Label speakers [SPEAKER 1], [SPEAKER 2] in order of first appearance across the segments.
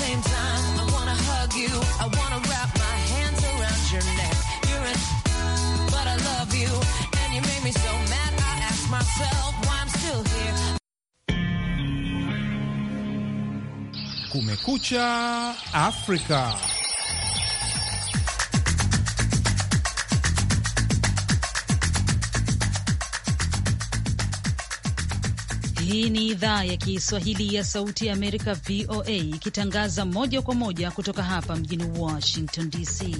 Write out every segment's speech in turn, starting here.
[SPEAKER 1] same time, I wanna hug you. I wanna wrap my hands around your neck. You're in, but I love you. And you made me so mad, I ask myself why I'm still here.
[SPEAKER 2] Kumekucha Africa.
[SPEAKER 1] Hii ni idhaa ya Kiswahili ya Sauti ya Amerika, VOA, ikitangaza moja kwa moja kutoka hapa mjini Washington DC.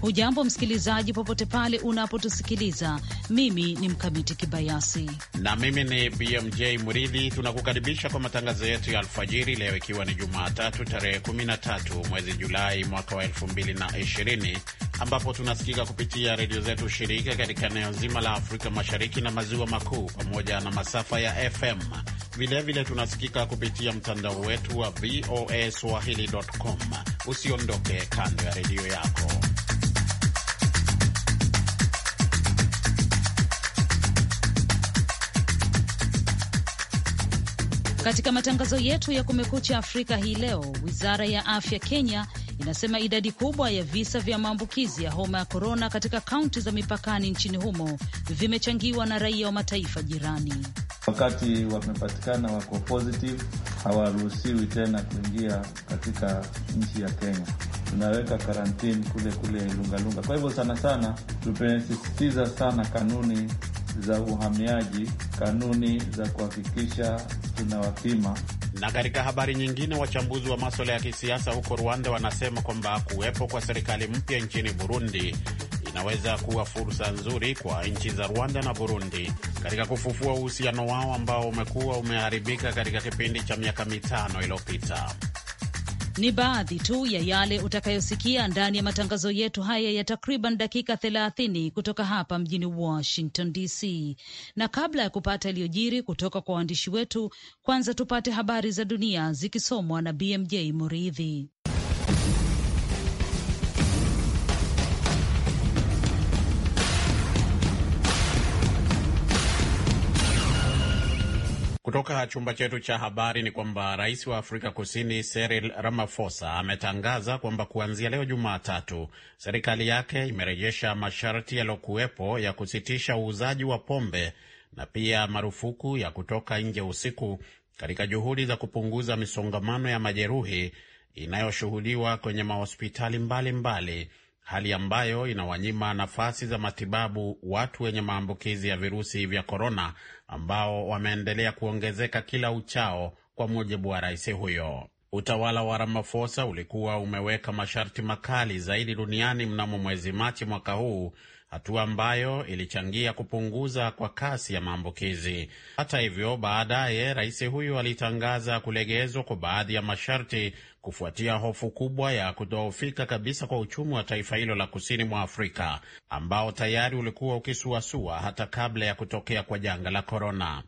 [SPEAKER 1] Hujambo msikilizaji, popote pale unapotusikiliza. Mimi ni Mkamiti Kibayasi
[SPEAKER 3] na mimi ni BMJ Muridhi. Tunakukaribisha kwa matangazo yetu ya alfajiri leo, ikiwa ni Jumatatu tarehe 13 mwezi Julai mwaka wa 2020 ambapo tunasikika kupitia redio zetu shirika katika eneo zima la Afrika Mashariki na Maziwa Makuu pamoja na masafa ya FM. Vilevile tunasikika kupitia mtandao wetu wa VOA Swahili.com. Usiondoke kando ya redio yako.
[SPEAKER 1] Katika matangazo yetu ya Kumekucha Afrika hii leo, wizara ya afya Kenya inasema idadi kubwa ya visa vya maambukizi ya homa ya korona katika kaunti za mipakani nchini humo vimechangiwa na raia wa mataifa jirani.
[SPEAKER 4] Wakati wamepatikana wako positive, hawaruhusiwi tena kuingia katika nchi ya Kenya. Tunaweka karantini kule kule Lungalunga. Kwa hivyo, sana sana tumesisitiza sana kanuni za uhamiaji, kanuni za kuhakikisha tunawapima
[SPEAKER 3] na katika habari nyingine, wachambuzi wa maswala ya kisiasa huko Rwanda wanasema kwamba kuwepo kwa serikali mpya nchini Burundi inaweza kuwa fursa nzuri kwa nchi za Rwanda na Burundi katika kufufua uhusiano wao ambao umekuwa umeharibika katika kipindi cha miaka mitano iliyopita.
[SPEAKER 1] Ni baadhi tu ya yale utakayosikia ndani ya matangazo yetu haya ya takriban dakika 30 kutoka hapa mjini Washington DC. Na kabla ya kupata iliyojiri kutoka kwa waandishi wetu, kwanza tupate habari za dunia zikisomwa na BMJ Muridhi.
[SPEAKER 3] Kutoka chumba chetu cha habari ni kwamba rais wa Afrika Kusini Cyril Ramaphosa ametangaza kwamba kuanzia leo Jumatatu, serikali yake imerejesha masharti yaliyokuwepo ya kusitisha uuzaji wa pombe na pia marufuku ya kutoka nje usiku katika juhudi za kupunguza misongamano ya majeruhi inayoshuhudiwa kwenye mahospitali mbalimbali mbali, hali ambayo inawanyima nafasi za matibabu watu wenye maambukizi ya virusi vya korona ambao wameendelea kuongezeka kila uchao, kwa mujibu wa rais huyo. Utawala wa Ramaphosa ulikuwa umeweka masharti makali zaidi duniani mnamo mwezi Machi mwaka huu, hatua ambayo ilichangia kupunguza kwa kasi ya maambukizi. Hata hivyo, baadaye rais huyu alitangaza kulegezwa kwa baadhi ya masharti kufuatia hofu kubwa ya kudhoofika kabisa kwa uchumi wa taifa hilo la kusini mwa Afrika ambao tayari ulikuwa ukisuasua hata kabla ya kutokea kwa janga la korona.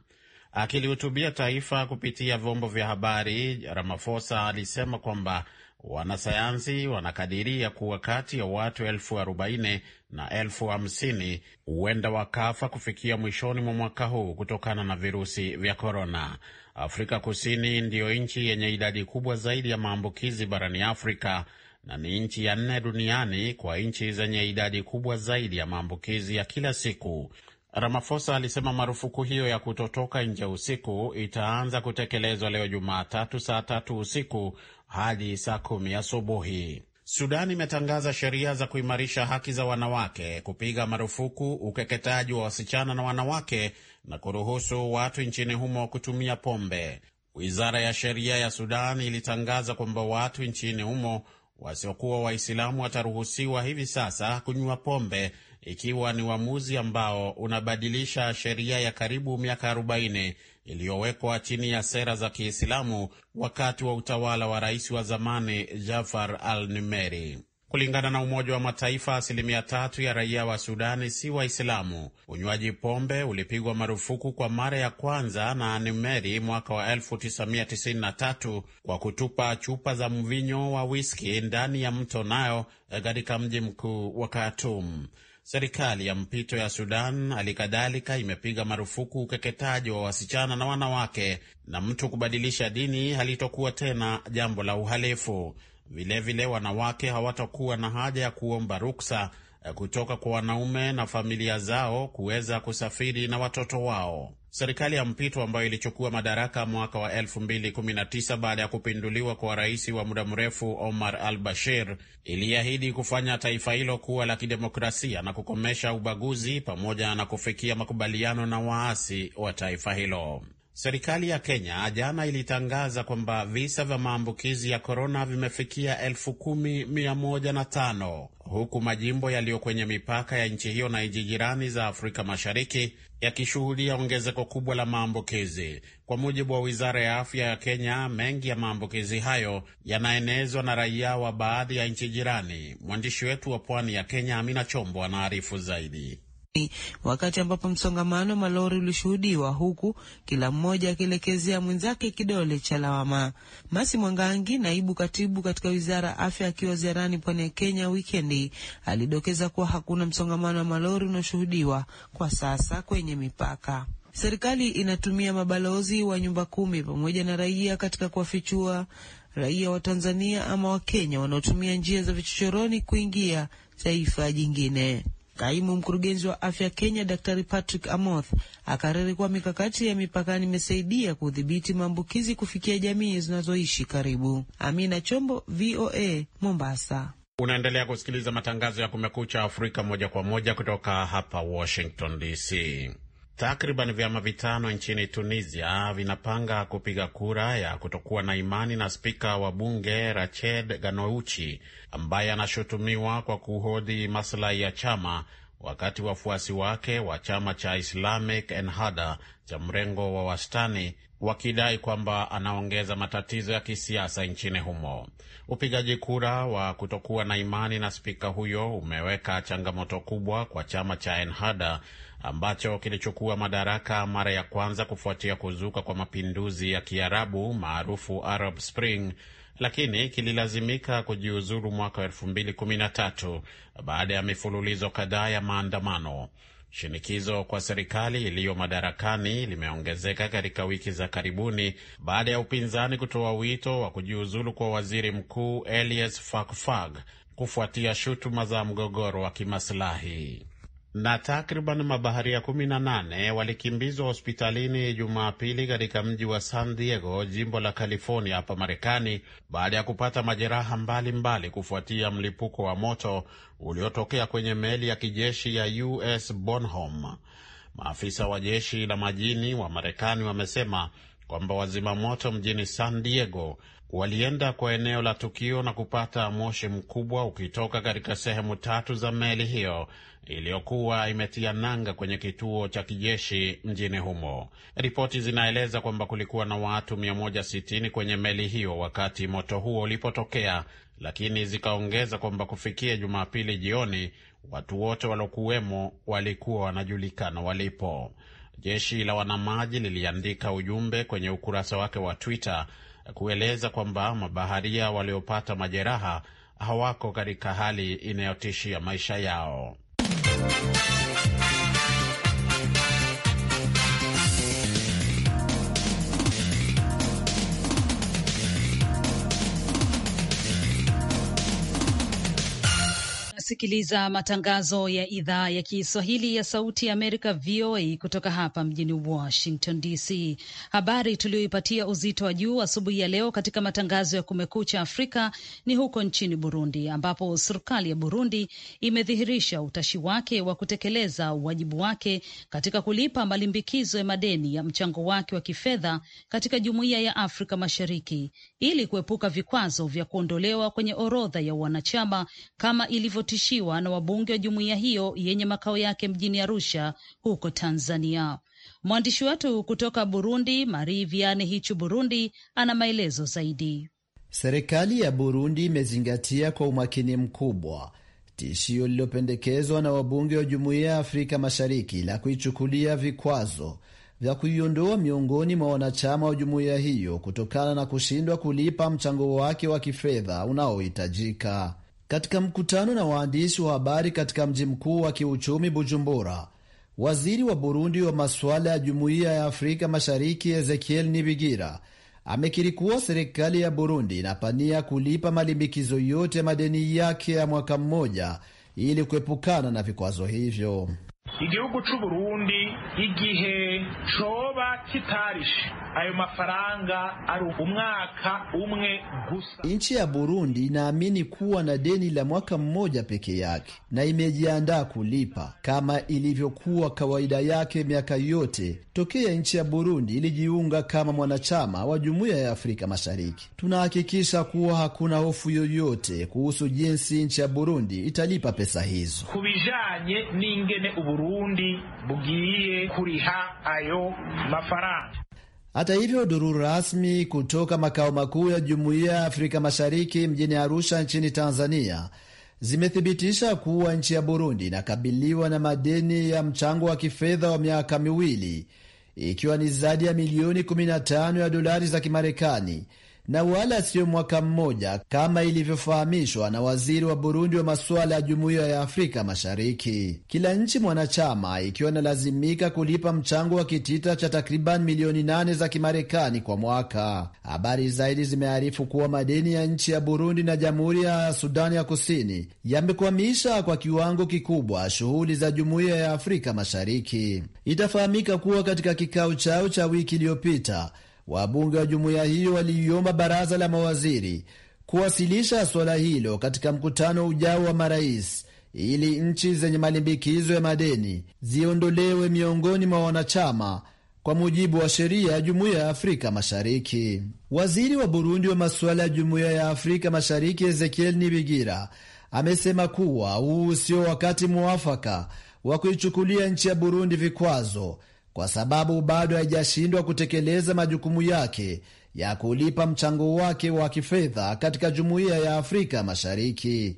[SPEAKER 3] Akilihutubia taifa kupitia vyombo vya habari, Ramaphosa alisema kwamba wanasayansi wanakadiria kuwa kati ya watu elfu arobaini na elfu hamsini huenda wakafa kufikia mwishoni mwa mwaka huu kutokana na virusi vya korona. Afrika Kusini ndiyo nchi yenye idadi kubwa zaidi ya maambukizi barani Afrika na ni nchi ya nne duniani kwa nchi zenye idadi kubwa zaidi ya maambukizi ya kila siku. ramafosa alisema marufuku hiyo ya kutotoka nje usiku itaanza kutekelezwa leo Jumatatu saa tatu usiku hadi saa kumi asubuhi. Sudan imetangaza sheria za kuimarisha haki za wanawake, kupiga marufuku ukeketaji wa wasichana na wanawake na kuruhusu watu nchini humo kutumia pombe. Wizara ya sheria ya Sudan ilitangaza kwamba watu nchini humo wasiokuwa Waislamu wataruhusiwa hivi sasa kunywa pombe, ikiwa ni uamuzi ambao unabadilisha sheria ya karibu miaka 40 iliyowekwa chini ya sera za Kiislamu wakati wa utawala wa rais wa zamani Jafar al-Nimeri. Kulingana na Umoja wa Mataifa, asilimia tatu ya raia wa Sudani si Waislamu. Unywaji pombe ulipigwa marufuku kwa mara ya kwanza na numeri mwaka wa 1993 kwa kutupa chupa za mvinyo wa wiski ndani ya mto nayo eh, katika mji mkuu wa Khartoum. Serikali ya mpito ya Sudan halikadhalika imepiga marufuku ukeketaji wa wasichana na wanawake, na mtu kubadilisha dini halitokuwa tena jambo la uhalifu. Vilevile vile wanawake hawatakuwa na haja ya kuomba ruksa eh, kutoka kwa wanaume na familia zao kuweza kusafiri na watoto wao. Serikali ya mpito ambayo ilichukua madaraka mwaka wa 2019 baada ya kupinduliwa kwa rais wa muda mrefu Omar al Bashir iliahidi kufanya taifa hilo kuwa la kidemokrasia na kukomesha ubaguzi pamoja na kufikia makubaliano na waasi wa taifa hilo. Serikali ya Kenya jana ilitangaza kwamba visa vya maambukizi ya korona vimefikia elfu kumi mia moja na tano huku majimbo yaliyo kwenye mipaka ya nchi hiyo na nchi jirani za Afrika Mashariki yakishuhudia ongezeko kubwa la maambukizi. Kwa mujibu wa wizara ya afya ya Kenya, mengi ya maambukizi hayo yanaenezwa na raia wa baadhi ya nchi jirani. Mwandishi wetu wa pwani ya Kenya, Amina Chombo, anaarifu zaidi
[SPEAKER 5] wakati ambapo msongamano malori ulishuhudiwa huku kila mmoja akielekezea mwenzake kidole cha lawama. Masi Mwangangi, naibu katibu katika wizara ya afya, akiwa ziarani pwani ya Kenya wikendi, alidokeza kuwa hakuna msongamano wa malori unaoshuhudiwa kwa sasa kwenye mipaka. Serikali inatumia mabalozi wa nyumba kumi pamoja na raia katika kuwafichua raia wa Tanzania ama Wakenya wanaotumia njia za vichochoroni kuingia taifa jingine. Kaimu mkurugenzi wa afya Kenya, Daktari Patrick Amoth akariri kuwa mikakati ya mipakani imesaidia kudhibiti maambukizi kufikia jamii zinazoishi karibu. Amina Chombo, VOA, Mombasa.
[SPEAKER 3] Unaendelea kusikiliza matangazo ya Kumekucha Afrika moja kwa moja kutoka hapa Washington DC. Takriban vyama vitano nchini Tunisia vinapanga kupiga kura ya kutokuwa na imani na spika wa bunge Rached Ghannouchi ambaye anashutumiwa kwa kuhodhi maslahi ya chama, wakati wafuasi wake wa chama cha Islamic Ennahda cha mrengo wa wastani wakidai kwamba anaongeza matatizo ya kisiasa nchini humo. Upigaji kura wa kutokuwa na imani na spika huyo umeweka changamoto kubwa kwa chama cha Ennahda ambacho kilichukua madaraka mara ya kwanza kufuatia kuzuka kwa mapinduzi ya Kiarabu maarufu Arab Spring, lakini kililazimika kujiuzuru mwaka 2013 baada ya mifululizo kadhaa ya maandamano. Shinikizo kwa serikali iliyo madarakani limeongezeka katika wiki za karibuni baada ya upinzani kutoa wito wa kujiuzulu kwa waziri mkuu Elias Fakhfakh kufuatia shutuma za mgogoro wa kimaslahi na takriban mabaharia 18 walikimbizwa hospitalini Jumapili katika mji wa San Diego, jimbo la California hapa Marekani, baada ya kupata majeraha mbalimbali mbali kufuatia mlipuko wa moto uliotokea kwenye meli ya kijeshi ya US Bonhomme. Maafisa wa jeshi la majini wa Marekani wamesema kwamba wazima moto mjini San Diego walienda kwa eneo la tukio na kupata moshi mkubwa ukitoka katika sehemu tatu za meli hiyo iliyokuwa imetia nanga kwenye kituo cha kijeshi mjini humo. Ripoti zinaeleza kwamba kulikuwa na watu 160 kwenye meli hiyo wakati moto huo ulipotokea, lakini zikaongeza kwamba kufikia Jumapili jioni watu wote waliokuwemo walikuwa wanajulikana walipo. Jeshi la wanamaji liliandika ujumbe kwenye ukurasa wake wa Twitter kueleza kwamba mabaharia waliopata majeraha hawako katika hali inayotishia maisha yao.
[SPEAKER 1] kusikiliza matangazo ya idhaa ya Kiswahili ya Sauti ya Amerika, VOA, kutoka hapa mjini Washington DC. Habari tuliyoipatia uzito wa juu asubuhi ya leo katika matangazo ya Kumekucha Afrika ni huko nchini Burundi, ambapo serikali ya Burundi imedhihirisha utashi wake wa kutekeleza uwajibu wake katika kulipa malimbikizo ya madeni ya mchango wake wa kifedha katika Jumuiya ya Afrika Mashariki ili kuepuka vikwazo vya kuondolewa kwenye orodha ya wanachama kama ilivyoti kuwasilishwa na wabunge wa jumuiya hiyo yenye makao yake mjini Arusha huko Tanzania. Mwandishi wetu kutoka Burundi, Marie Viane Hichu Burundi, ana maelezo zaidi.
[SPEAKER 6] Serikali ya Burundi imezingatia kwa umakini mkubwa tishio lililopendekezwa na wabunge wa jumuiya ya Afrika Mashariki la kuichukulia vikwazo vya kuiondoa miongoni mwa wanachama wa jumuiya hiyo kutokana na kushindwa kulipa mchango wake wa kifedha unaohitajika. Katika mkutano na waandishi wa habari katika mji mkuu wa kiuchumi Bujumbura, waziri wa Burundi wa masuala ya jumuiya ya Afrika Mashariki Ezekiel Nibigira amekiri kuwa serikali ya Burundi inapania kulipa malimbikizo yote ya madeni yake ya mwaka mmoja ili kuepukana na vikwazo hivyo
[SPEAKER 4] igihugu Burundi igihe coba kitarishe ayo mafaranga ari umwaka
[SPEAKER 1] umwe
[SPEAKER 6] gusa. Nchi ya Burundi inaamini kuwa na deni la mwaka mmoja peke yake na imejiandaa kulipa kama ilivyokuwa kawaida yake miaka yote tokea nchi ya Burundi ilijiunga kama mwanachama wa Jumuiya ya Afrika Mashariki. Tunahakikisha kuwa hakuna hofu yoyote kuhusu jinsi nchi ya Burundi italipa pesa hizo.
[SPEAKER 4] Kubijanye n'ingene Uburundi Burundi bugiye kuriha ayo mafaranga.
[SPEAKER 6] Hata hivyo, duru rasmi kutoka makao makuu ya Jumuiya ya Afrika Mashariki mjini Arusha nchini Tanzania zimethibitisha kuwa nchi ya Burundi inakabiliwa na madeni ya mchango wa kifedha wa miaka miwili ikiwa ni zaidi ya milioni 15 ya dolari za Kimarekani na wala siyo mwaka mmoja kama ilivyofahamishwa na waziri wa Burundi wa masuala ya jumuiya ya Afrika Mashariki. Kila nchi mwanachama ikiwa inalazimika kulipa mchango wa kitita cha takriban milioni nane za Kimarekani kwa mwaka. Habari zaidi zimearifu kuwa madeni ya nchi ya Burundi na jamhuri ya Sudani ya Kusini yamekwamisha kwa kiwango kikubwa shughuli za jumuiya ya Afrika Mashariki. Itafahamika kuwa katika kikao chao cha wiki iliyopita Wabunge wa jumuiya hiyo waliiomba baraza la mawaziri kuwasilisha suala hilo katika mkutano ujao wa marais ili nchi zenye malimbikizo ya madeni ziondolewe miongoni mwa wanachama kwa mujibu wa sheria ya jumuiya ya Afrika Mashariki. Waziri wa Burundi wa masuala ya jumuiya ya Afrika Mashariki Ezekiel Nibigira amesema kuwa huu sio wakati mwafaka wa kuichukulia nchi ya Burundi vikwazo kwa sababu bado haijashindwa kutekeleza majukumu yake ya kulipa mchango wake wa kifedha katika jumuiya ya Afrika Mashariki.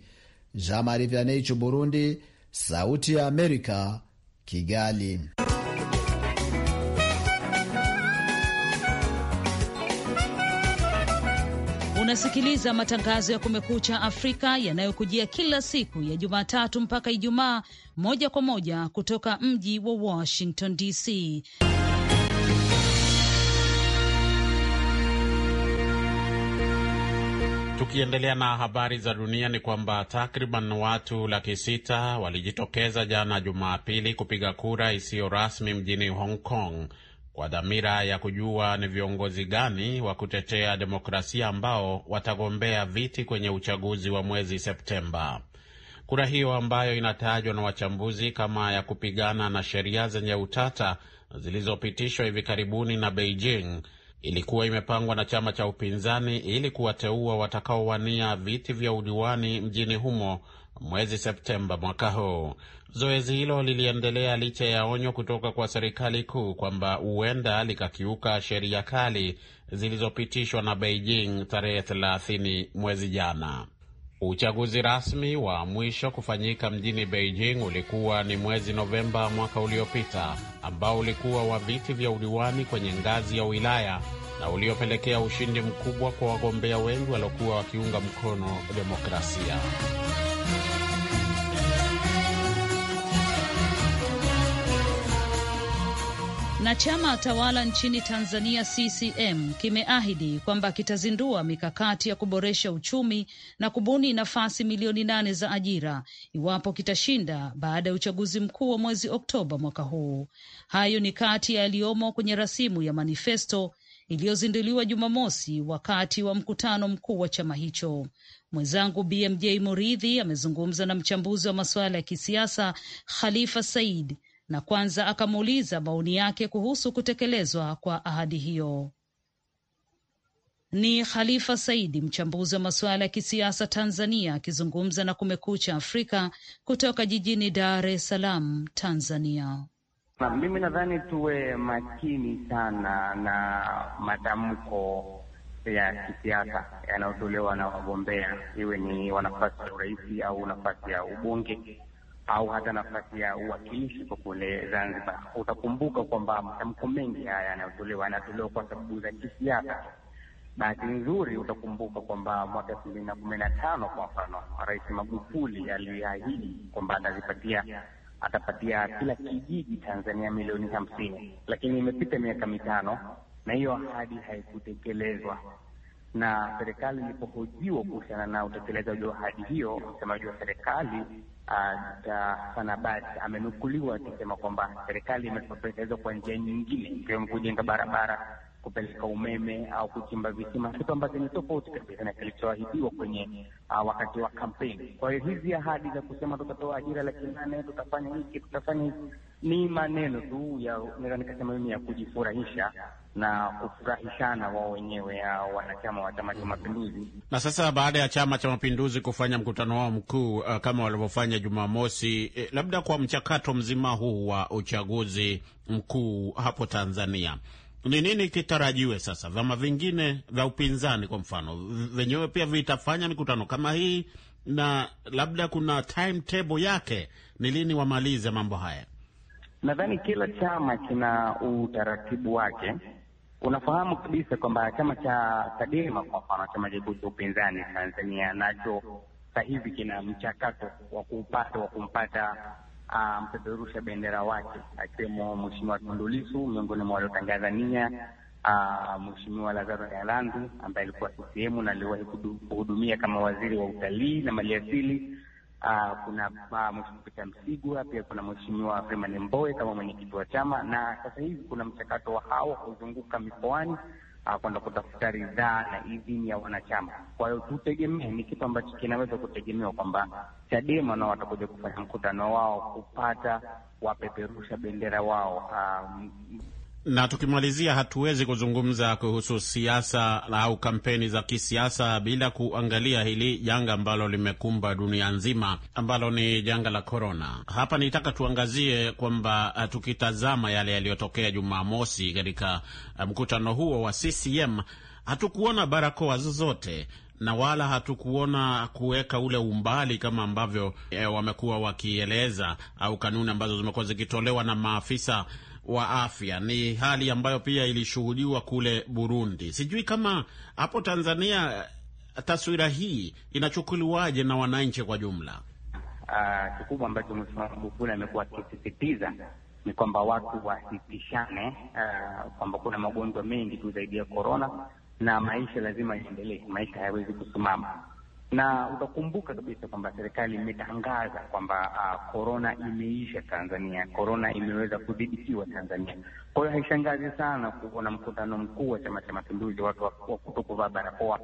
[SPEAKER 6] Jean Marie Vianney, Burundi, Sauti ya Amerika, Kigali.
[SPEAKER 1] Unasikiliza matangazo ya Kumekucha Afrika yanayokujia kila siku ya Jumatatu mpaka Ijumaa, moja kwa moja kutoka mji wa Washington DC.
[SPEAKER 3] Tukiendelea na habari za dunia ni kwamba takriban watu laki sita walijitokeza jana Jumapili kupiga kura isiyo rasmi mjini Hong Kong kwa dhamira ya kujua ni viongozi gani wa kutetea demokrasia ambao watagombea viti kwenye uchaguzi wa mwezi Septemba. Kura hiyo ambayo inatajwa na wachambuzi kama ya kupigana na sheria zenye utata zilizopitishwa hivi karibuni na Beijing ilikuwa imepangwa na chama cha upinzani ili kuwateua watakaowania viti vya udiwani mjini humo mwezi Septemba mwaka huu. Zoezi hilo liliendelea licha ya onyo kutoka kwa serikali kuu kwamba huenda likakiuka sheria kali zilizopitishwa na Beijing tarehe 30 mwezi jana. Uchaguzi rasmi wa mwisho kufanyika mjini Beijing ulikuwa ni mwezi Novemba mwaka uliopita, ambao ulikuwa wa viti vya udiwani kwenye ngazi ya wilaya na uliopelekea ushindi mkubwa kwa wagombea wengi waliokuwa wakiunga mkono demokrasia.
[SPEAKER 1] Na chama tawala nchini Tanzania CCM kimeahidi kwamba kitazindua mikakati ya kuboresha uchumi na kubuni nafasi milioni nane za ajira iwapo kitashinda baada ya uchaguzi mkuu wa mwezi Oktoba mwaka huu. Hayo ni kati yaliyomo kwenye rasimu ya manifesto iliyozinduliwa Jumamosi wakati wa mkutano mkuu wa chama hicho. Mwenzangu BMJ Muridhi amezungumza na mchambuzi wa masuala ya kisiasa Khalifa Said na kwanza akamuuliza maoni yake kuhusu kutekelezwa kwa ahadi hiyo. Ni Khalifa Saidi, mchambuzi wa masuala ya kisiasa Tanzania, akizungumza na Kumekucha Afrika kutoka jijini Dar es Salaam, Tanzania.
[SPEAKER 7] Na mimi nadhani tuwe makini sana na matamko ya kisiasa yanayotolewa na wagombea, iwe ni wanafasi ya urais au nafasi ya ubunge au hata nafasi ya uwakilishi kwa kule Zanzibar. Utakumbuka kwamba matamko mengi haya yanayotolewa yanatolewa kwa sababu za kisiasa. Bahati nzuri, utakumbuka kwamba mwaka elfu mbili na kumi na tano kwa mfano, Rais Magufuli aliahidi kwamba atazipatia atapatia kila kijiji Tanzania milioni hamsini, lakini imepita miaka mitano na hiyo ahadi haikutekelezwa na serikali ilipohojiwa kuhusiana na utekelezaji wa ahadi hiyo, msemaji wa serikali Sanabati ah, amenukuliwa akisema kwamba serikali imetekelezwa kwa njia nyingine, ikiwemo kujenga barabara, kupeleka umeme au kuchimba visima, kitu ambacho ni tofauti kabisa na kilichoahidiwa kwenye uh, wakati wa kampeni. Kwa hiyo hizi ahadi za kusema tutatoa ajira laki nane, tutafanya hiki, tutafanya hiki, ni maneno tu ya naweza nikasema mimi ya kujifurahisha na kufurahishana wao wenyewe a wanachama wa Chama cha Mapinduzi.
[SPEAKER 3] Na sasa baada ya Chama cha Mapinduzi kufanya mkutano wao mkuu uh, kama walivyofanya Jumamosi eh, labda kwa mchakato mzima huu wa uchaguzi mkuu hapo Tanzania ni nini kitarajiwe sasa? Vyama vingine vya upinzani kwa mfano vyenyewe pia vitafanya mikutano kama hii, na labda kuna timetable yake, ni lini wamalize mambo haya?
[SPEAKER 7] Nadhani kila chama kina utaratibu wake. Unafahamu kabisa kwamba chama cha Chadema kwa mfano, chama kikuu cha upinzani Tanzania, nacho sasa hivi kina mchakato wa kuupata wa kumpata uh, mpeperusha bendera wake akiwemo Mheshimiwa Tundu Lissu miongoni mwa waliotangaza nia uh, Mheshimiwa Lazaro Yalandu ambaye alikuwa CCM na aliwahi kuhudumia kama waziri wa utalii na maliasili Uh, kuna uh, Peter Msigwa, pia kuna mheshimiwa Freeman Mbowe kama mwenyekiti wa chama, na sasa hivi kuna mchakato wa hawa kuzunguka mikoani uh, kwenda kutafuta ridhaa na idhini ya wanachama. Kwa hiyo tutegemee, ni kitu ambacho kinaweza kutegemewa kwamba Chadema nao watakuja kufanya mkutano wao kupata wapeperusha bendera wao uh,
[SPEAKER 3] na tukimalizia, hatuwezi kuzungumza kuhusu siasa au kampeni za kisiasa bila kuangalia hili janga ambalo limekumba dunia nzima, ambalo ni janga la korona. Hapa nitaka tuangazie kwamba uh, tukitazama yale yaliyotokea Jumamosi katika uh, mkutano huo wa CCM hatukuona barakoa zozote na wala hatukuona kuweka ule umbali kama ambavyo e, wamekuwa wakieleza au kanuni ambazo zimekuwa zikitolewa na maafisa wa afya. Ni hali ambayo pia ilishuhudiwa kule Burundi. Sijui kama hapo Tanzania eh, taswira hii inachukuliwaje na wananchi kwa jumla?
[SPEAKER 7] Uh, kikubwa ambacho Mheshimiwa Magufuli amekuwa akisisitiza ni kwamba watu wasitishane uh, ah, kwamba kuna magonjwa mengi tu zaidi ya korona na maisha lazima yaendelee, maisha hayawezi kusimama na utakumbuka kabisa kwamba serikali imetangaza kwamba korona ah, uh, imeisha Tanzania, korona imeweza kudhibitiwa Tanzania. Kwa hiyo haishangazi sana kuona mkutano mkuu wa Chama cha Mapinduzi watu wa kuto kuvaa barakoa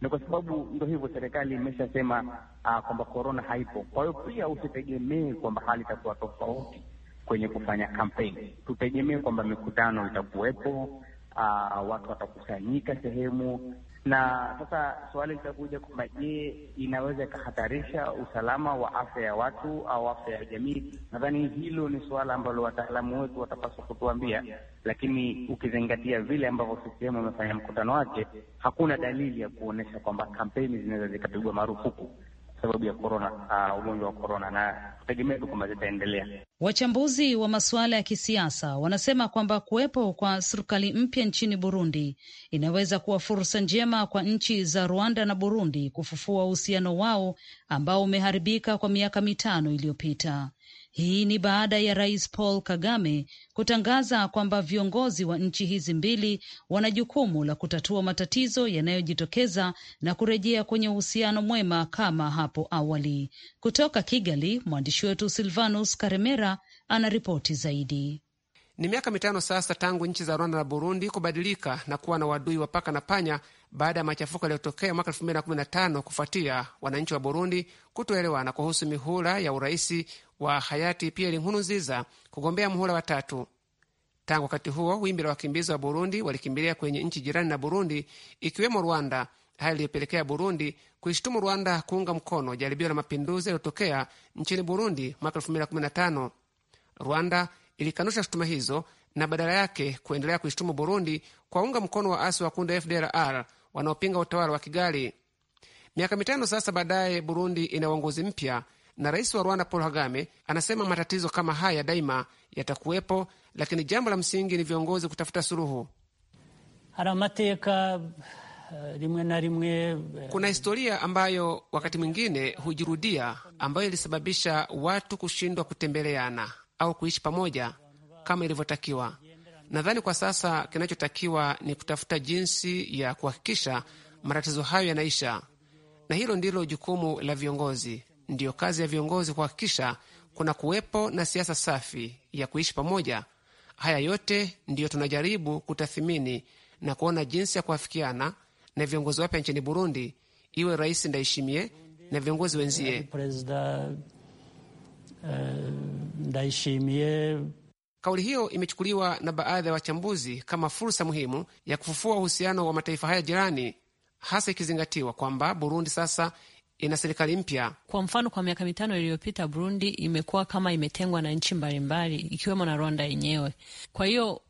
[SPEAKER 7] ni kwa sababu ndo hivyo, serikali imeshasema uh, kwamba korona haipo. Kwa hiyo pia usitegemee kwamba hali itakuwa tofauti kwenye kufanya kampeni. Tutegemee kwamba mikutano itakuwepo, uh, watu watakusanyika sehemu na sasa swali litakuja kwamba je, inaweza ikahatarisha usalama wa afya ya watu au afya ya jamii? Nadhani hilo ni suala ambalo wataalamu wetu watapaswa kutuambia, lakini ukizingatia vile ambavyo CCM amefanya mkutano wake, hakuna dalili ya kuonyesha kwamba kampeni zinaweza zikapigwa marufuku sababu ya korona, uh, ah, ugonjwa wa korona, na tu kwamba zitaendelea.
[SPEAKER 1] Wachambuzi wa masuala ya kisiasa wanasema kwamba kuwepo kwa serikali mpya nchini Burundi inaweza kuwa fursa njema kwa nchi za Rwanda na Burundi kufufua uhusiano wao ambao umeharibika kwa miaka mitano iliyopita. Hii ni baada ya Rais Paul Kagame kutangaza kwamba viongozi wa nchi hizi mbili wana jukumu la kutatua matatizo yanayojitokeza na kurejea kwenye uhusiano mwema kama hapo awali. Kutoka Kigali, mwandishi wetu Silvanus Karemera ana ripoti zaidi.
[SPEAKER 8] Ni miaka mitano sasa tangu nchi za Rwanda na Burundi kubadilika na kuwa na wadui wa paka na panya baada ya machafuko yaliyotokea mwaka 2015 kufuatia wananchi wa Burundi kutoelewana kuhusu mihula ya uraisi wa hayati Pierre Nkurunziza kugombea muhula wa tatu. Tangu wakati huo, wimbi la wakimbizi wa Burundi walikimbilia kwenye nchi jirani na Burundi, ikiwemo Rwanda, hali iliyopelekea Burundi kuishutumu Rwanda kuunga mkono jaribio la mapinduzi yaliyotokea nchini Burundi mwaka 2015. Rwanda ilikanusha shutuma hizo na badala yake kuendelea kuishutumu Burundi kwa unga mkono waasi wa kundi FDLR wanaopinga utawala wa Kigali. Miaka mitano sasa baadaye, Burundi ina uongozi mpya na rais wa Rwanda Paul Kagame anasema matatizo kama haya daima yatakuwepo, lakini jambo la msingi ni viongozi kutafuta suluhu.
[SPEAKER 5] Eh, eh,
[SPEAKER 8] kuna historia ambayo wakati mwingine hujirudia, ambayo ilisababisha watu kushindwa kutembeleana au kuishi pamoja kama ilivyotakiwa. Nadhani kwa sasa kinachotakiwa ni kutafuta jinsi ya kuhakikisha matatizo hayo yanaisha, na hilo ndilo jukumu la viongozi. Ndiyo kazi ya viongozi kuhakikisha kuna kuwepo na siasa safi ya kuishi pamoja. Haya yote ndiyo tunajaribu kutathimini na kuona jinsi ya kuafikiana na viongozi wapya nchini Burundi, iwe Rais Ndayishimiye na viongozi wenzie. Eh, ndaishimie Kauli hiyo imechukuliwa na baadhi ya wachambuzi kama fursa muhimu ya kufufua uhusiano wa mataifa haya jirani, hasa ikizingatiwa kwamba Burundi sasa ina serikali mpya.
[SPEAKER 1] Kwa mfano, kwa miaka mitano iliyopita Burundi imekuwa kama imetengwa na nchi mbalimbali ikiwemo na Rwanda yenyewe. Kwa hiyo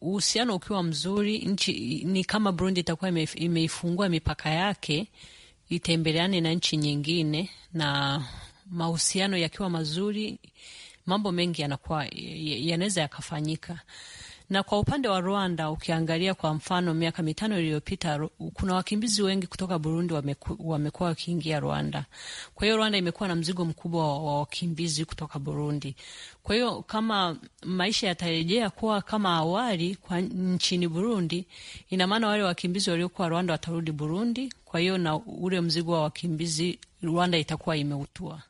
[SPEAKER 1] uhusiano ukiwa mzuri, nchi ni kama Burundi itakuwa imeifungua mipaka yake itembeleane na nchi nyingine na mahusiano yakiwa mazuri, mambo mengi yanakuwa yanaweza yakafanyika. Na kwa upande wa Rwanda, ukiangalia kwa mfano, miaka mitano iliyopita, kuna wakimbizi wengi kutoka Burundi wamekuwa wakiingia Rwanda. Kwa hiyo Rwanda imekuwa na mzigo mkubwa wa wakimbizi kutoka Burundi. Kwa hiyo kama maisha yatarejea kuwa kama awali kwa nchini Burundi, ina maana wale wakimbizi waliokuwa Rwanda watarudi Burundi. Kwa hiyo na ule mzigo wa wakimbizi Rwanda itakuwa imeutua.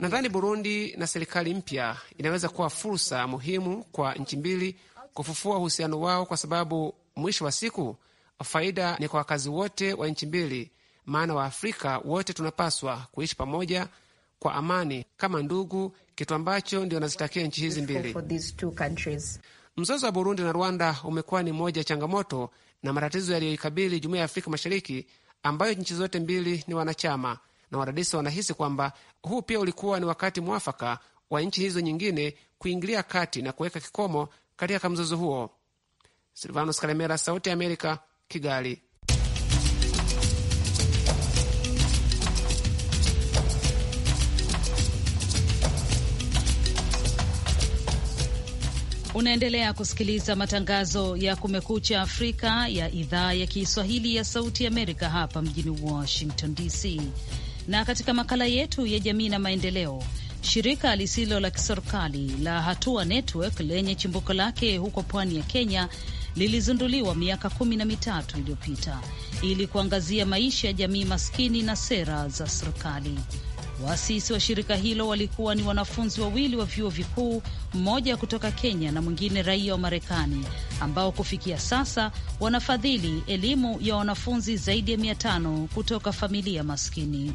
[SPEAKER 8] Nadhani Burundi na serikali mpya inaweza kuwa fursa muhimu kwa nchi mbili kufufua uhusiano wao, kwa sababu mwisho wa siku faida ni kwa wakazi wote wa nchi mbili, maana Waafrika wote tunapaswa kuishi pamoja kwa amani kama ndugu, kitu ambacho ndio nazitakia nchi hizi mbili. Mzozo wa Burundi na Rwanda umekuwa ni moja ya changamoto na matatizo yaliyoikabili jumuiya ya Afrika Mashariki ambayo nchi zote mbili ni wanachama, na wadadisi wanahisi kwamba huu pia ulikuwa ni wakati mwafaka wa nchi hizo nyingine kuingilia kati na kuweka kikomo katika mzozo huo. Silvanos Kalemera, Sauti ya Amerika, Kigali.
[SPEAKER 1] Unaendelea kusikiliza matangazo ya Kumekucha Afrika ya idhaa ya Kiswahili ya Sauti Amerika hapa mjini Washington DC. Na katika makala yetu ya jamii na maendeleo, shirika lisilo la kiserikali la Hatua Network lenye chimbuko lake huko pwani ya Kenya lilizinduliwa miaka kumi na mitatu iliyopita ili kuangazia maisha ya jamii maskini na sera za serikali. Waasisi wa shirika hilo walikuwa ni wanafunzi wawili wa vyuo vikuu, mmoja kutoka Kenya na mwingine raia wa Marekani, ambao kufikia sasa wanafadhili elimu ya wanafunzi zaidi ya mia tano kutoka familia maskini.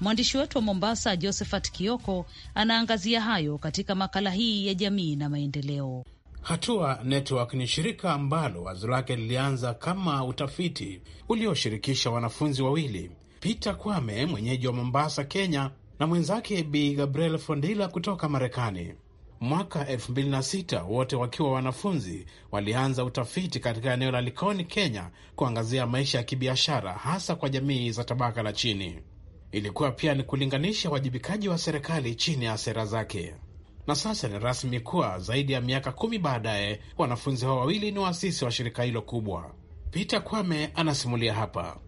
[SPEAKER 1] Mwandishi wetu wa Mombasa, Josephat Kioko, anaangazia hayo katika makala hii ya jamii na maendeleo.
[SPEAKER 2] Hatua Network ni shirika ambalo wazo lake lilianza kama utafiti ulioshirikisha wanafunzi wawili. Peter Kwame, mwenyeji wa Mombasa, Kenya, na mwenzake Bi Gabriel Fondila kutoka Marekani. Mwaka 2006 wote wakiwa wanafunzi walianza utafiti katika eneo la Likoni, Kenya, kuangazia maisha ya kibiashara hasa kwa jamii za tabaka la chini. Ilikuwa pia ni kulinganisha uwajibikaji wa serikali chini ya sera zake. Na sasa ni rasmi kuwa zaidi ya miaka kumi baadaye, wanafunzi hao wawili ni waasisi wa shirika hilo kubwa. Peter Kwame anasimulia hapa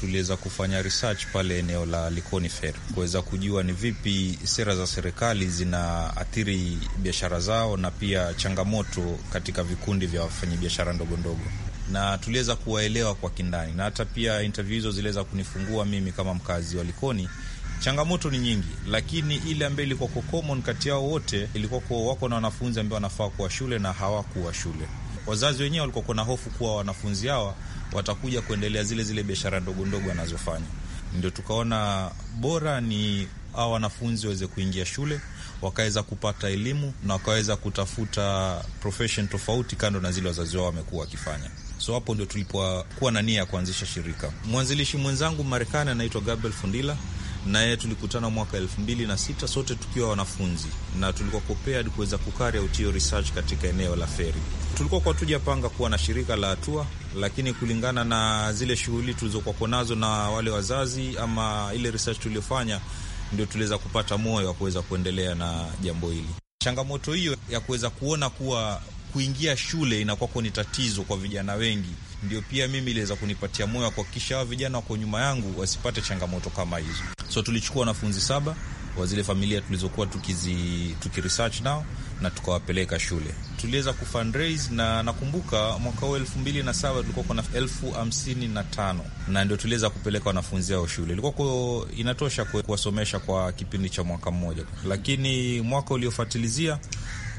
[SPEAKER 4] tuliweza kufanya research pale eneo la Likoni Fair kuweza kujua ni vipi sera za serikali zinaathiri biashara zao na pia changamoto katika vikundi vya wafanyabiashara ndogondogo na tuliweza kuwaelewa kwa kindani, na hata pia interview hizo ziliweza kunifungua mimi kama mkazi wa Likoni. Changamoto ni nyingi, lakini ile ambayo ilikuwa kwa common kati yao wote ilikuwa kwa wako na wanafunzi ambao wanafaa kuwa shule na hawakuwa shule. Wazazi wenyewe walikuwa na hofu kuwa wanafunzi hawa watakuja kuendelea zile zile biashara ndogo ndogo wanazofanya. Ndio tukaona bora ni hawa wanafunzi waweze kuingia shule wakaweza kupata elimu na wakaweza kutafuta profession tofauti kando na zile wazazi wao wamekuwa wakifanya. So hapo ndio tulipokuwa na nia ya kuanzisha shirika. Mwanzilishi mwenzangu Marekani anaitwa Gabriel Fundila na yeye tulikutana mwaka elfu mbili na sita sote tukiwa wanafunzi, na tulikuwa prepared kuweza kukari autio research katika eneo la feri. Tulikuwa kwa tujapanga kuwa na shirika la hatua, lakini kulingana na zile shughuli tulizokuwako nazo na wale wazazi ama ile research tuliofanya, ndio tuliweza kupata moyo wa kuweza kuendelea na jambo hili. Changamoto hiyo ya kuweza kuona kuwa kuingia shule inakuwako ni tatizo kwa vijana wengi ndio pia mimi iliweza kunipatia moyo wa kuhakikisha hawa vijana wako nyuma yangu wasipate changamoto kama hizo. So tulichukua wanafunzi saba wa zile familia tulizokuwa tukizi tukiresearch nao na tukawapeleka shule, tuliweza kufundraise na nakumbuka mwaka huu elfu mbili na saba tulikuwa kuna elfu hamsini na tano na ndio tuliweza kupeleka wanafunzi hao shule. Ilikuwa inatosha kuwasomesha kwa kipindi cha mwaka mmoja, lakini mwaka uliofatilizia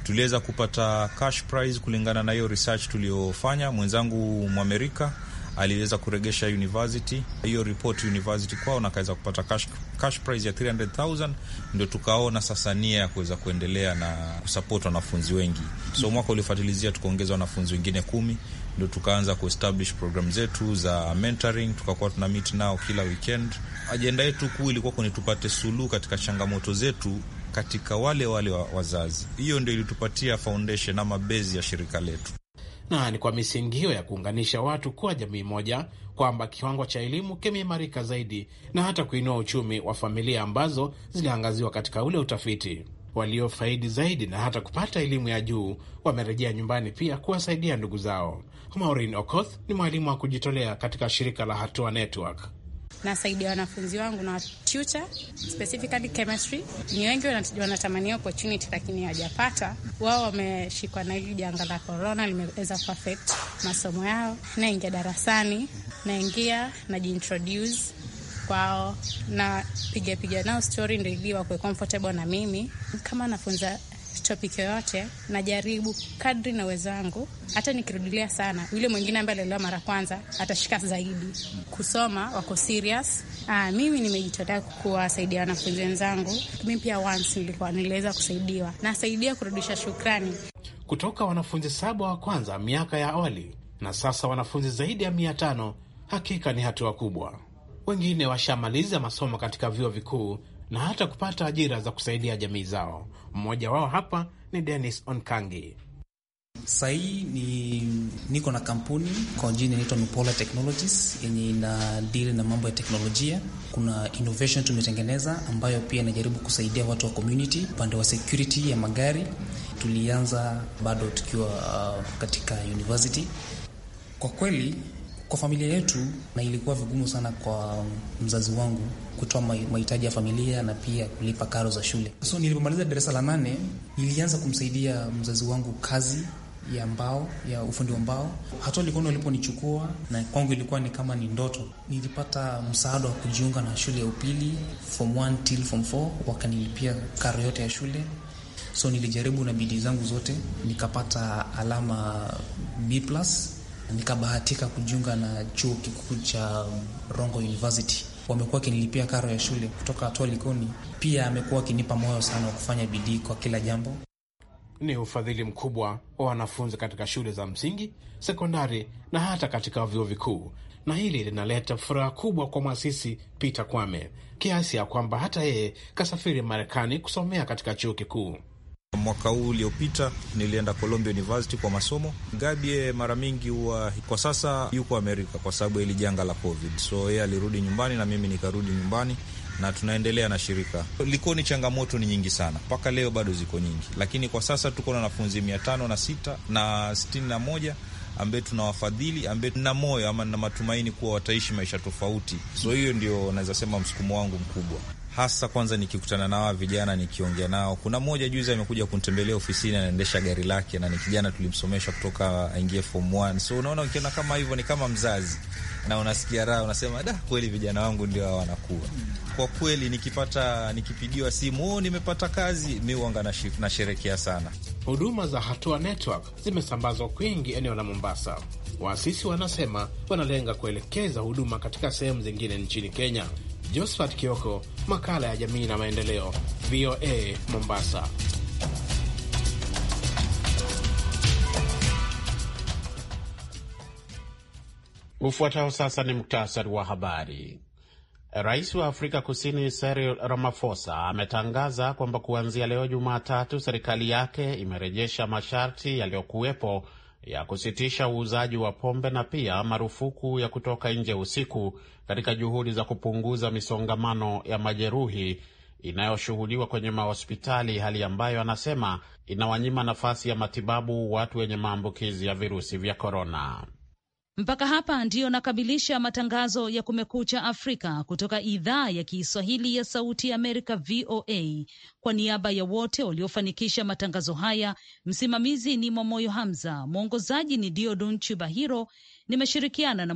[SPEAKER 4] tuliweza kupata cash prize kulingana na hiyo research tuliyofanya. Mwenzangu Mwamerika aliweza kuregesha university hiyo report university kwao na akaweza kupata cash, cash prize ya 300,000. Ndio tukaona sasa nia ya kuweza kuendelea na kusupport wanafunzi wengi, so mwaka uliofuatilizia tukaongeza wanafunzi wengine kumi, ndio tukaanza kuestablish program zetu za mentoring, tukakuwa tuna meet nao kila weekend. Ajenda yetu kuu ilikuwa kuni tupate suluhu katika changamoto zetu katika wale wale wazazi. Hiyo ndio ilitupatia foundation ama bezi ya shirika letu,
[SPEAKER 2] na ni kwa misingi hiyo ya kuunganisha watu kuwa jamii moja kwamba kiwango cha elimu kimeimarika zaidi na hata kuinua uchumi wa familia ambazo ziliangaziwa katika ule utafiti. Waliofaidi zaidi na hata kupata elimu ya juu wamerejea nyumbani pia kuwasaidia ndugu zao. Maureen Okoth ni mwalimu wa kujitolea katika shirika la Hatua Network
[SPEAKER 1] nasaidia wanafunzi wangu na tutor, specifically chemistry. Ni wengi wanatamania opportunity lakini hawajapata. Wao wameshikwa na hili janga la corona, limeweza kuaffect masomo yao. Naingia darasani, naingia najiintroduce kwao, napigapiga nao story, ndo ili wakuwe comfortable na mimi kama nafunza topic yoyote najaribu kadri na wezangu, hata nikirudilia sana, yule mwingine ambaye alielewa mara kwanza atashika zaidi. Kusoma wako serious. Aa, ah, mimi nimejitolea kuwasaidia wanafunzi wenzangu. Mimi pia once nilikuwa niliweza kusaidiwa, nasaidia kurudisha shukrani
[SPEAKER 2] kutoka wanafunzi saba wa kwanza miaka ya awali, na sasa wanafunzi zaidi ya mia tano. Hakika ni hatua kubwa. Wengine washamaliza masomo katika vyuo vikuu na hata kupata ajira za kusaidia jamii zao. Mmoja wao hapa ni Dennis
[SPEAKER 5] Onkangi. Sahii ni niko na kampuni kwa jina inaitwa Nupola Technologies yenye ina deal na mambo ya teknolojia. Kuna innovation tumetengeneza ambayo pia inajaribu kusaidia watu wa community upande wa security ya magari. Tulianza bado tukiwa uh, katika university. Kwa kweli kwa familia yetu, na ilikuwa vigumu sana kwa mzazi wangu kutoa mahitaji ya familia na pia kulipa karo za shule. So nilipomaliza darasa la nane, nilianza kumsaidia mzazi wangu kazi ya mbao ya ufundi wa mbao. Hatua likono waliponichukua, na kwangu ilikuwa ni kama ni ndoto. Nilipata msaada wa kujiunga na shule ya upili form 1 till form 4, wakanilipia karo yote ya shule. So nilijaribu na bidii zangu zote, nikapata alama B plus nikabahatika kujiunga na chuo kikuu cha Rongo University. Wamekuwa wakinilipia karo ya shule kutoka likoni Pia amekuwa akinipa moyo sana wa kufanya bidii kwa kila jambo.
[SPEAKER 2] Ni ufadhili mkubwa wa wanafunzi katika shule za msingi, sekondari na hata katika vyuo vikuu, na hili linaleta furaha kubwa kwa mwasisi Peter Kwame, kiasi ya kwamba hata
[SPEAKER 4] yeye kasafiri Marekani kusomea katika chuo kikuu mwaka huu uliopita nilienda Columbia University kwa masomo. Gabie mara mingi huwa kwa sasa yuko Amerika kwa sababu ya janga la Covid, so yeye alirudi nyumbani na mimi nikarudi nyumbani na tunaendelea na shirika. Likoni changamoto ni nyingi sana, mpaka leo bado ziko nyingi, lakini kwa sasa tuko na wanafunzi mia tano na sita na sitini na moja ambaye wafadhili ambaye na moyo ama na matumaini kuwa wataishi maisha tofauti. So hiyo ndio naweza sema msukumo wangu mkubwa hasa kwanza nikikutana nao vijana, nikiongea nao. Kuna mmoja juzi amekuja kunitembelea ofisini, anaendesha gari lake na ni kijana tulimsomesha kutoka aingie form So unaona, ukiona kama hivyo ni kama mzazi na unasikia raha, unasema da, kweli vijana wangu ndio hawa wanakuwa. Kwa kweli nikipata, nikipigiwa simu oh, nimepata kazi, mi wanga nasherekea sana.
[SPEAKER 2] Huduma za hatua network zimesambazwa kwingi eneo la Mombasa. Waasisi wanasema wanalenga kuelekeza huduma katika sehemu zingine nchini Kenya. Josephat Kioko, makala ya jamii na maendeleo, VOA Mombasa.
[SPEAKER 3] Ufuatao sasa ni muktasari wa habari. Rais wa Afrika Kusini Cyril Ramaphosa ametangaza kwamba kuanzia leo Jumatatu, serikali yake imerejesha masharti yaliyokuwepo ya kusitisha uuzaji wa pombe na pia marufuku ya kutoka nje usiku katika juhudi za kupunguza misongamano ya majeruhi inayoshuhudiwa kwenye mahospitali, hali ambayo anasema inawanyima nafasi ya matibabu watu wenye maambukizi ya virusi vya korona.
[SPEAKER 1] Mpaka hapa ndiyo nakamilisha matangazo ya Kumekucha Afrika kutoka idhaa ya Kiswahili ya Sauti ya Amerika, VOA. Kwa niaba ya wote waliofanikisha matangazo haya, msimamizi ni Mwamoyo Hamza, mwongozaji ni Diodun Chubahiro, nimeshirikiana na